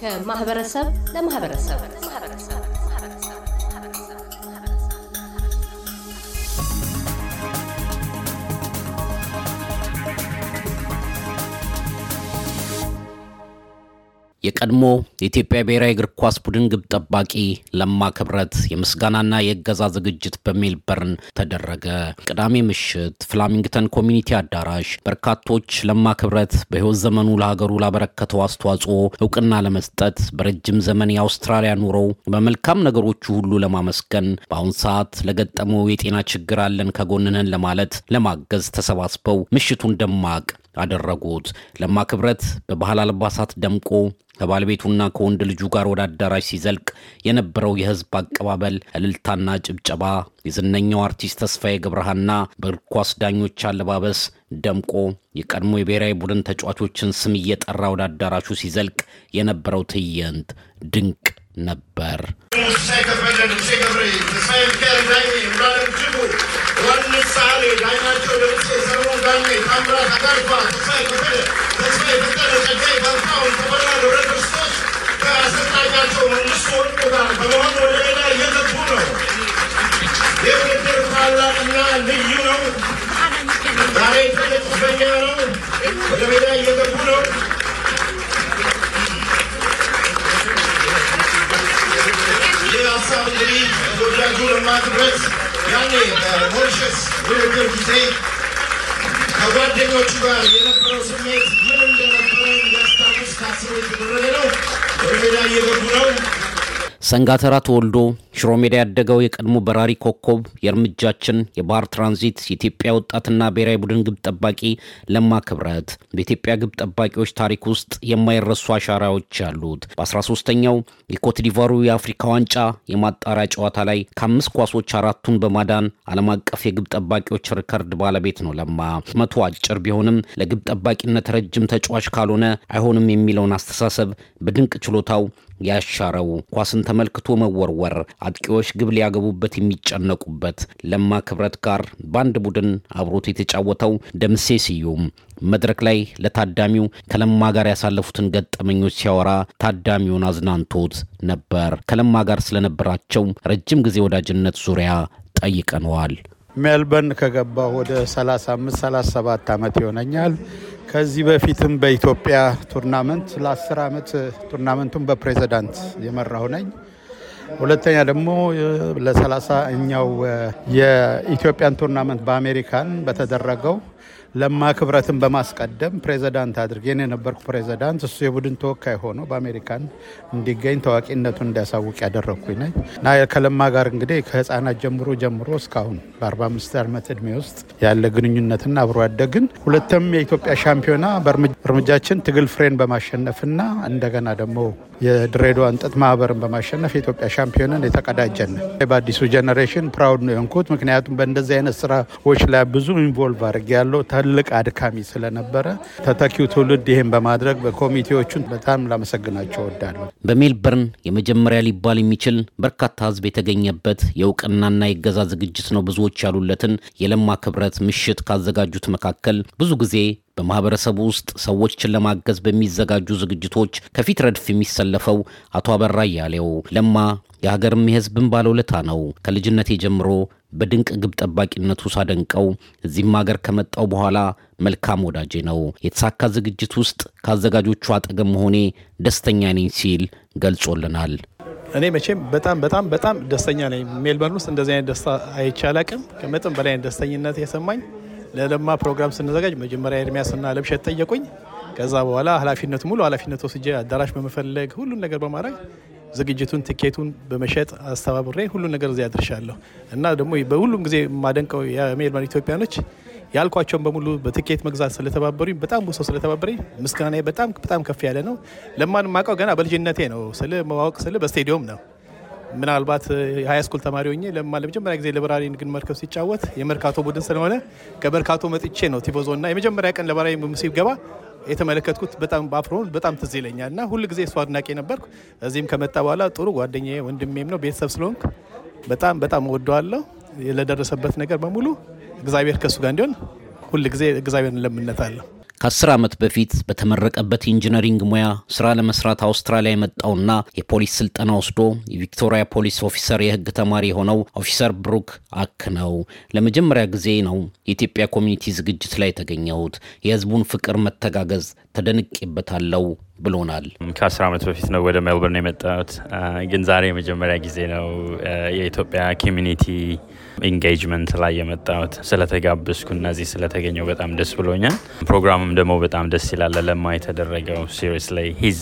ከማህበረሰብ ለማህበረሰብ የቀድሞ የኢትዮጵያ ብሔራዊ እግር ኳስ ቡድን ግብ ጠባቂ ለማ ክብረት የምስጋናና የእገዛ ዝግጅት በሜልበርን ተደረገ። ቅዳሜ ምሽት ፍላሚንግተን ኮሚኒቲ አዳራሽ በርካቶች ለማ ክብረት በሕይወት ዘመኑ ለሀገሩ ላበረከተው አስተዋጽኦ እውቅና ለመስጠት በረጅም ዘመን የአውስትራሊያ ኑሮው በመልካም ነገሮቹ ሁሉ ለማመስገን በአሁን ሰዓት ለገጠመው የጤና ችግር አለን ከጎንነን ለማለት ለማገዝ ተሰባስበው ምሽቱን ደማቅ አደረጉት። ለማ ክብረት በባህል አልባሳት ደምቆ ከባለቤቱና ከወንድ ልጁ ጋር ወደ አዳራሽ ሲዘልቅ የነበረው የህዝብ አቀባበል፣ እልልታና ጭብጨባ የዝነኛው አርቲስት ተስፋዬ ገብረሃና በእግር ኳስ ዳኞች አለባበስ ደምቆ የቀድሞ የብሔራዊ ቡድን ተጫዋቾችን ስም እየጠራ ወደ አዳራሹ ሲዘልቅ የነበረው ትዕይንት ድንቅ ነበር። One Sally, Diamond Children, Sarun Gandhi, Kamra Hagarpa, Kusai Kapere, Kusai Kapere, Kajay Balkaun, Kabara, the Red Stitch, Kasakai Gacho, Musun Kudan, Balawan, Rena, Yatapuno. Yevne Pala, Na, Niyuno, Dare Pele Kupanyano, Rena, Yatapuno. ये आसाम गरीब गुजरात जुलमा के ब्रेस ያኔ በሞሪሸስ ውድድር ጊዜ ከጓደኞቹ ጋር የነበረው ስሜት ምን እንደነበረ እንዲያስታውስ ታስቦ የተደረገ ነው። ወደ እየገቡ ነው። ሰንጋተራ ተወልዶ ሽሮ ሜዳ ያደገው የቀድሞ በራሪ ኮከብ የእርምጃችን የባህር ትራንዚት የኢትዮጵያ ወጣትና ብሔራዊ ቡድን ግብ ጠባቂ ለማ ክብረት በኢትዮጵያ ግብ ጠባቂዎች ታሪክ ውስጥ የማይረሱ አሻራዎች አሉት በ13ኛው የኮትዲቫሩ የአፍሪካ ዋንጫ የማጣሪያ ጨዋታ ላይ ከአምስት ኳሶች አራቱን በማዳን ዓለም አቀፍ የግብ ጠባቂዎች ሪከርድ ባለቤት ነው። ለማ መቶ አጭር ቢሆንም ለግብ ጠባቂነት ረጅም ተጫዋች ካልሆነ አይሆንም የሚለውን አስተሳሰብ በድንቅ ችሎታው ያሻረው ኳስን ተመልክቶ መወርወር አጥቂዎች ግብ ሊያገቡበት የሚጨነቁበት ለማ ክብረት ጋር በአንድ ቡድን አብሮት የተጫወተው ደምሴ ስዩም መድረክ ላይ ለታዳሚው ከለማ ጋር ያሳለፉትን ገጠመኞች ሲያወራ ታዳሚውን አዝናንቶት ነበር። ከለማ ጋር ስለነበራቸው ረጅም ጊዜ ወዳጅነት ዙሪያ ጠይቀነዋል። ሜልበርን ከገባ ወደ 35 37 ዓመት ይሆነኛል። ከዚህ በፊትም በኢትዮጵያ ቱርናመንት ለ10 ዓመት ቱርናመንቱን በፕሬዚዳንት የመራሁ ነኝ። ሁለተኛ ደግሞ ለሰላሳኛው የኢትዮጵያን ቱርናመንት በአሜሪካን በተደረገው ለማ ክብረትን በማስቀደም ፕሬዚዳንት አድርጌ እኔ የነበርኩ ፕሬዚዳንት እሱ የቡድን ተወካይ ሆኖ በአሜሪካን እንዲገኝ ታዋቂነቱን እንዲያሳውቅ ያደረግኩኝ ነኝ እና ከለማ ጋር እንግዲህ ከህፃናት ጀምሮ ጀምሮ እስካሁን በ45 ዓመት እድሜ ውስጥ ያለ ግንኙነትና አብሮ ያደግን። ሁለትም የኢትዮጵያ ሻምፒዮና በእርምጃችን ትግል ፍሬን በማሸነፍና እንደገና ደግሞ የድሬዳዋን ጥጥ ማህበርን በማሸነፍ የኢትዮጵያ ሻምፒዮንን የተቀዳጀን። በአዲሱ ጀኔሬሽን ፕራውድ ነው የሆንኩት። ምክንያቱም በእንደዚህ አይነት ስራዎች ላይ ብዙ ኢንቮልቭ አድርግ ያለው ትልቅ አድካሚ ስለነበረ ተተኪው ትውልድ ይህን በማድረግ በኮሚቴዎቹን በጣም ላመሰግናቸው ወዳለሁ። በሜልበርን የመጀመሪያ ሊባል የሚችል በርካታ ህዝብ የተገኘበት የእውቅናና የገዛ ዝግጅት ነው ብዙዎች ያሉለትን የለማ ክብረት ምሽት ካዘጋጁት መካከል ብዙ ጊዜ በማህበረሰቡ ውስጥ ሰዎችን ለማገዝ በሚዘጋጁ ዝግጅቶች ከፊት ረድፍ የሚሰለፈው አቶ አበራ እያሌው ለማ የሀገርም የህዝብን ባለውለታ ነው። ከልጅነቴ ጀምሮ በድንቅ ግብ ጠባቂነቱ ሳደንቀው እዚህም ሀገር ከመጣው በኋላ መልካም ወዳጄ ነው። የተሳካ ዝግጅት ውስጥ ከአዘጋጆቹ አጠገብ መሆኔ ደስተኛ ነኝ ሲል ገልጾልናል። እኔ መቼም በጣም በጣም በጣም ደስተኛ ነኝ። ሜልበርን ውስጥ እንደዚህ አይነት ደስታ አይቻል አቅም ከመጠን በላይ ደስተኝነት የሰማኝ ለለማ ፕሮግራም ስንዘጋጅ መጀመሪያ ኤርሚያስና ለብሸት ጠየቁኝ። ከዛ በኋላ ኃላፊነት ሙሉ ኃላፊነት ወስጄ አዳራሽ በመፈለግ ሁሉን ነገር በማድረግ ዝግጅቱን ትኬቱን በመሸጥ አስተባብሬ ሁሉን ነገር እዚያ አድርሻለሁ እና ደግሞ በሁሉም ጊዜ የማደንቀው የሜልበርን ኢትዮጵያኖች ያልኳቸውን በሙሉ በትኬት መግዛት ስለተባበሩኝ በጣም ብሶ ስለተባበረኝ ምስጋና በጣም በጣም ከፍ ያለ ነው። ለማን ማቀው ገና በልጅነቴ ነው ስል ማወቅ ስል በስቴዲየም ነው ምናልባት የሃይስኩል ተማሪ ሆኜ ለማ ለመጀመሪያ ጊዜ ለበራሪ ንግድ መርከብ ሲጫወት የመርካቶ ቡድን ስለሆነ ከመርካቶ መጥቼ ነው ቲቦዞ እና የመጀመሪያ ቀን ለበራሪ ሲገባ የተመለከትኩት በጣም በአፍሮ በጣም ትዝ ይለኛል እና ሁል ጊዜ እሱ አድናቂ ነበርኩ። እዚህም ከመጣ በኋላ ጥሩ ጓደኛ ወንድሜም ነው ቤተሰብ ስለሆንክ በጣም በጣም ወደዋለሁ። ለደረሰበት ነገር በሙሉ እግዚአብሔር ከእሱ ጋር እንዲሆን ሁል ጊዜ እግዚአብሔር እንለምነታለሁ። ከአስር ዓመት በፊት በተመረቀበት ኢንጂነሪንግ ሙያ ስራ ለመስራት አውስትራሊያ የመጣውና የፖሊስ ስልጠና ወስዶ የቪክቶሪያ ፖሊስ ኦፊሰር የህግ ተማሪ የሆነው ኦፊሰር ብሩክ አክ ነው። ለመጀመሪያ ጊዜ ነው የኢትዮጵያ ኮሚኒቲ ዝግጅት ላይ የተገኘሁት። የህዝቡን ፍቅር፣ መተጋገዝ ተደንቄበታለሁ ብሎናል። ከአስር ዓመት በፊት ነው ወደ ሜልበርን የመጣሁት፣ ግን ዛሬ የመጀመሪያ ጊዜ ነው የኢትዮጵያ ኮሚኒቲ ኢንጌጅመንት ላይ የመጣሁት ስለተጋብዝኩ እነዚህ ስለተገኘው በጣም ደስ ብሎኛል። ፕሮግራምም ደግሞ በጣም ደስ ይላል። ለማ የተደረገው ሲሪስ ላይ ሂዝ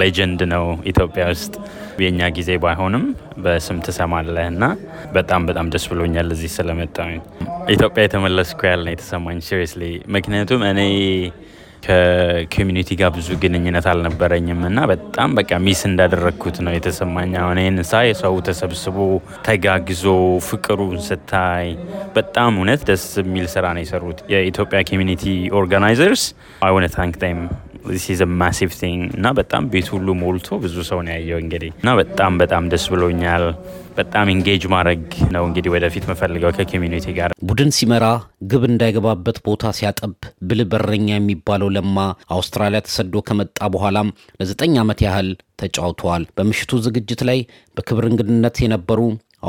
ሌጀንድ um, ነው ኢትዮጵያ ውስጥ የእኛ ጊዜ ባይሆንም በስም ትሰማለህ እና በጣም በጣም ደስ ብሎኛል እዚህ ስለመጣ ኢትዮጵያ የተመለስኩ ያለ የተሰማኝ ሲሪስ ምክንያቱም እኔ ከኮሚኒቲ ጋር ብዙ ግንኙነት አልነበረኝም እና በጣም በቃ ሚስ እንዳደረግኩት ነው የተሰማኝ። አሁን ይህን ሳ የሰው ተሰብስቦ ተጋግዞ ፍቅሩን ስታይ በጣም እውነት ደስ የሚል ስራ ነው የሰሩት የኢትዮጵያ ኮሚኒቲ ኦርጋናይዘርስ። አይ ወነ ታንክ ታይም ዚስ ማሲቭ ቲንግ እና በጣም ቤት ሁሉ ሞልቶ ብዙ ሰው ነው ያየው እንግዲህ እና በጣም በጣም ደስ ብሎኛል። በጣም ኢንጌጅ ማድረግ ነው እንግዲህ ወደፊት መፈልገው ከኮሚኒቲ ጋር ቡድን ሲመራ ግብ እንዳይገባበት ቦታ ሲያጠብ ብል በረኛ የሚባለው ለማ አውስትራሊያ ተሰዶ ከመጣ በኋላም ለዘጠኝ ዓመት ያህል ተጫውተዋል። በምሽቱ ዝግጅት ላይ በክብር እንግድነት የነበሩ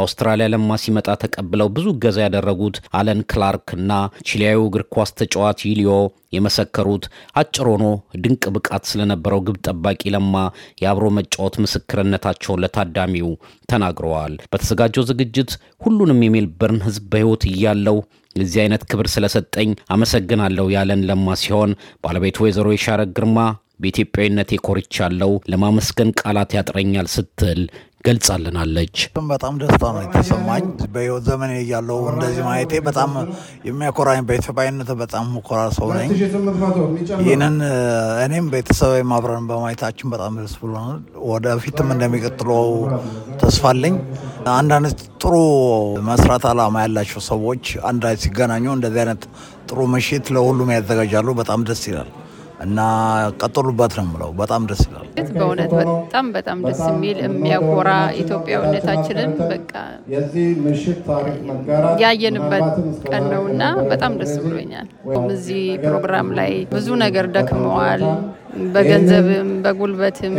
አውስትራሊያ ለማ ሲመጣ ተቀብለው ብዙ እገዛ ያደረጉት አለን ክላርክ እና ቺሊያዊ እግር ኳስ ተጫዋች ይሊዮ የመሰከሩት አጭር ሆኖ ድንቅ ብቃት ስለነበረው ግብ ጠባቂ ለማ የአብሮ መጫወት ምስክርነታቸውን ለታዳሚው ተናግረዋል። በተዘጋጀው ዝግጅት ሁሉንም የሜልበርን ሕዝብ በሕይወት እያለው እዚህ አይነት ክብር ስለሰጠኝ አመሰግናለሁ ያለን ለማ ሲሆን ባለቤቱ ወይዘሮ የሻረግ ግርማ በኢትዮጵያዊነት የኮርቻለው ለማመስገን ቃላት ያጥረኛል ስትል ገልጻልናለች። በጣም ደስታ ነው የተሰማኝ። በህይወት ዘመን እያለው እንደዚህ ማየቴ በጣም የሚያኮራኝ፣ በኢትዮጵያዊነት በጣም ኮራ ሰው ነኝ። ይህንን እኔም ቤተሰባዊ ማብረን በማየታችን በጣም ደስ ብሎናል። ወደፊትም እንደሚቀጥለው ተስፋ አለኝ። አንዳንድ ጥሩ መስራት አላማ ያላቸው ሰዎች አንድ ላይ ሲገናኙ እንደዚህ አይነት ጥሩ ምሽት ለሁሉም ያዘጋጃሉ። በጣም ደስ ይላል። እና ቀጥሉበት ነው የምለው። በጣም ደስ ይላል። በእውነት በጣም በጣም ደስ የሚል የሚያጎራ ኢትዮጵያዊነታችንን በቃ ያየንበት ቀን ነው እና በጣም ደስ ብሎኛል። እዚህ ፕሮግራም ላይ ብዙ ነገር ደክመዋል። በገንዘብም በጉልበትም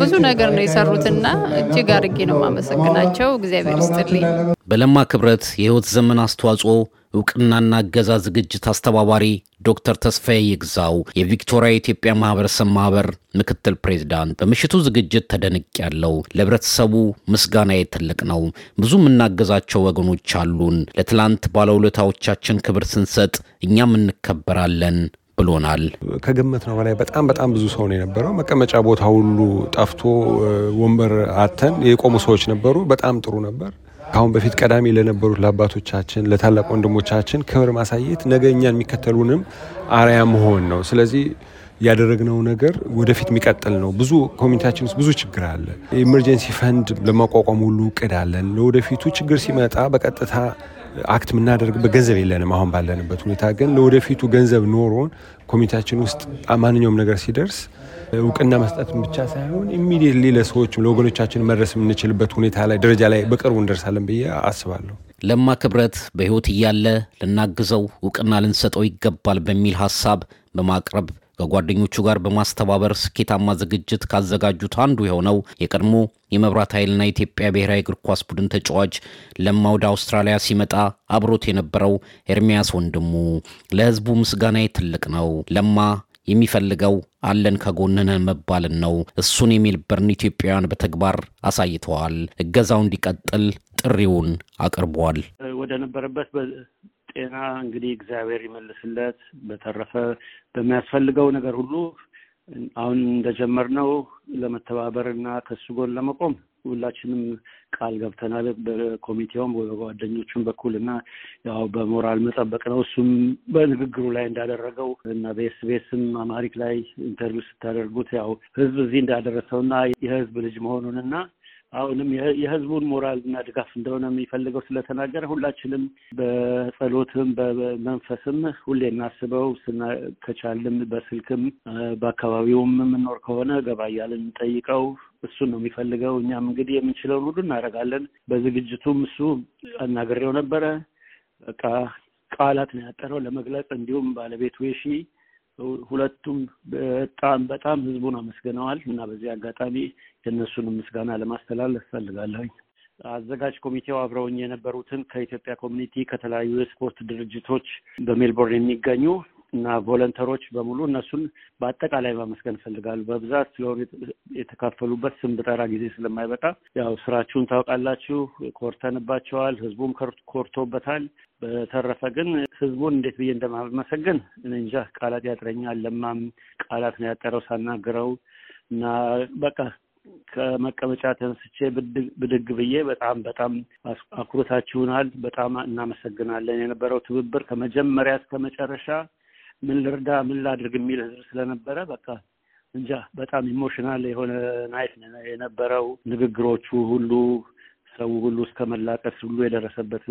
ብዙ ነገር ነው የሰሩትና እጅግ አድርጌ ነው የማመሰግናቸው። እግዚአብሔር ይስጥልኝ። በለማ ክብረት የህይወት ዘመን አስተዋጽኦ እውቅናና እገዛ ዝግጅት አስተባባሪ ዶክተር ተስፋዬ ይግዛው የቪክቶሪያ የኢትዮጵያ ማህበረሰብ ማህበር ምክትል ፕሬዝዳንት፣ በምሽቱ ዝግጅት ተደንቅ ያለው ለህብረተሰቡ ምስጋና ትልቅ ነው። ብዙ የምናገዛቸው ወገኖች አሉን። ለትላንት ባለውለታዎቻችን ክብር ስንሰጥ እኛም እንከበራለን ብሎናል። ከገመት ነው በላይ በጣም በጣም ብዙ ሰው ነው የነበረው። መቀመጫ ቦታ ሁሉ ጠፍቶ ወንበር አተን የቆሙ ሰዎች ነበሩ። በጣም ጥሩ ነበር። ከአሁን በፊት ቀዳሚ ለነበሩት ለአባቶቻችን ለታላቅ ወንድሞቻችን ክብር ማሳየት ነገ እኛን የሚከተሉንም አርያ መሆን ነው። ስለዚህ ያደረግነው ነገር ወደፊት የሚቀጥል ነው። ብዙ ኮሚኒቲያችን ውስጥ ብዙ ችግር አለ። ኢመርጀንሲ ፈንድ ለማቋቋም ሁሉ እቅድ አለን። ለወደፊቱ ችግር ሲመጣ በቀጥታ አክት የምናደርግበት ገንዘብ የለንም። አሁን ባለንበት ሁኔታ ግን ለወደፊቱ ገንዘብ ኖሮን ኮሚኒቲያችን ውስጥ ማንኛውም ነገር ሲደርስ እውቅና መስጠትን ብቻ ሳይሆን ኢሚዲየትሊ ለሰዎችም ለወገኖቻችን መድረስ የምንችልበት ሁኔታ ላይ ደረጃ ላይ በቅርቡ እንደርሳለን ብዬ አስባለሁ። ለማ ክብረት በሕይወት እያለ ልናግዘው እውቅና ልንሰጠው ይገባል በሚል ሀሳብ በማቅረብ ከጓደኞቹ ጋር በማስተባበር ስኬታማ ዝግጅት ካዘጋጁት አንዱ የሆነው የቀድሞ የመብራት ኃይልና የኢትዮጵያ ብሔራዊ እግር ኳስ ቡድን ተጫዋች ለማ ወደ አውስትራሊያ ሲመጣ አብሮት የነበረው ኤርሚያስ ወንድሙ ለሕዝቡ ምስጋና ትልቅ ነው። ለማ የሚፈልገው አለን ከጎንነ መባልን ነው። እሱን የሚልበርን ኢትዮጵያውያን በተግባር አሳይተዋል። እገዛው እንዲቀጥል ጥሪውን አቅርቧል። ወደ ነበረበት ጤና እንግዲህ እግዚአብሔር ይመልስለት። በተረፈ በሚያስፈልገው ነገር ሁሉ አሁን እንደጀመርነው ለመተባበርና ከሱ ጎን ለመቆም ሁላችንም ቃል ገብተናል። በኮሚቴውም በጓደኞቹም በኩል እና ያው በሞራል መጠበቅ ነው። እሱም በንግግሩ ላይ እንዳደረገው እና በኤስቤስም አማሪክ ላይ ኢንተርቪው ስታደርጉት ያው ህዝብ እዚህ እንዳደረሰው እና የህዝብ ልጅ መሆኑን እና አሁንም የህዝቡን እና ድጋፍ እንደሆነ የሚፈልገው ስለተናገረ ሁላችንም በጸሎትም በመንፈስም ሁሌ እናስበው ከቻልም በስልክም በአካባቢውም የምኖር ከሆነ ገባ ጠይቀው እንጠይቀው። እሱን ነው የሚፈልገው። እኛም እንግዲህ የምንችለውን ሁሉ እናደርጋለን። በዝግጅቱም እሱ አናግሬው ነበረ። በቃ ቃላት ነው ያጠረው ለመግለጽ። እንዲሁም ባለቤቱ የሺ ሁለቱም በጣም በጣም ህዝቡን አመስግነዋል እና በዚህ አጋጣሚ የእነሱንም ምስጋና ለማስተላለፍ ፈልጋለሁኝ። አዘጋጅ ኮሚቴው አብረውኝ የነበሩትን ከኢትዮጵያ ኮሚኒቲ ከተለያዩ የስፖርት ድርጅቶች በሜልቦርን የሚገኙ እና ቮለንተሮች በሙሉ እነሱን በአጠቃላይ ማመስገን እፈልጋለሁ። በብዛት ስለሆኑ የተካፈሉበት ስም ብጠራ ጊዜ ስለማይበቃ ያው ስራችሁን ታውቃላችሁ፣ ኮርተንባቸዋል፣ ህዝቡም ኮርቶበታል። በተረፈ ግን ህዝቡን እንዴት ብዬ እንደማመሰግን እንጃ፣ ቃላት ያጥረኛል። ለማም ቃላት ነው ያጠረው ሳናግረው እና በቃ ከመቀመጫ ተነስቼ ብድግ ብዬ በጣም በጣም አኩርታችሁናል፣ በጣም እናመሰግናለን። የነበረው ትብብር ከመጀመሪያ እስከ መጨረሻ ምን ልርዳ ምን ላድርግ የሚል ህዝብ ስለነበረ በቃ እንጃ በጣም ኢሞሽናል የሆነ ናይት የነበረው ንግግሮቹ ሁሉ ሰው ሁሉ እስከ መላቀስ ሁሉ የደረሰበት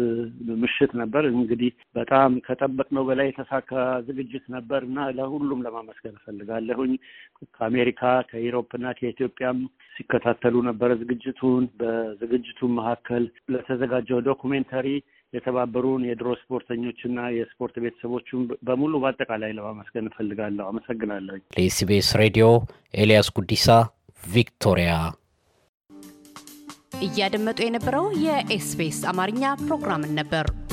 ምሽት ነበር። እንግዲህ በጣም ከጠበቅነው በላይ የተሳካ ዝግጅት ነበር እና ለሁሉም ለማመስገን እፈልጋለሁኝ። ከአሜሪካ ከኢሮፕና ከኢትዮጵያም ሲከታተሉ ነበረ ዝግጅቱን። በዝግጅቱ መካከል ለተዘጋጀው ዶኩሜንተሪ የተባበሩን የድሮ ስፖርተኞችና የስፖርት ቤተሰቦችን በሙሉ በአጠቃላይ ለማመስገን እፈልጋለሁ። አመሰግናለሁ። ለኤስቢኤስ ሬዲዮ ኤልያስ ጉዲሳ ቪክቶሪያ። እያደመጡ የነበረው የኤስቢኤስ አማርኛ ፕሮግራምን ነበር።